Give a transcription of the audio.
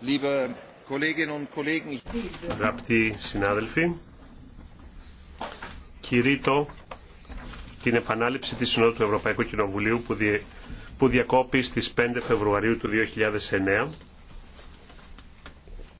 liebe Kolleginnen und Kollegen. Αγαπητοί συνάδελφοι, κηρύττω την επανάληψη της Συνόδου του Ευρωπαϊκού Κοινοβουλίου που διακόπη στις 5 Φεβρουαρίου του 2009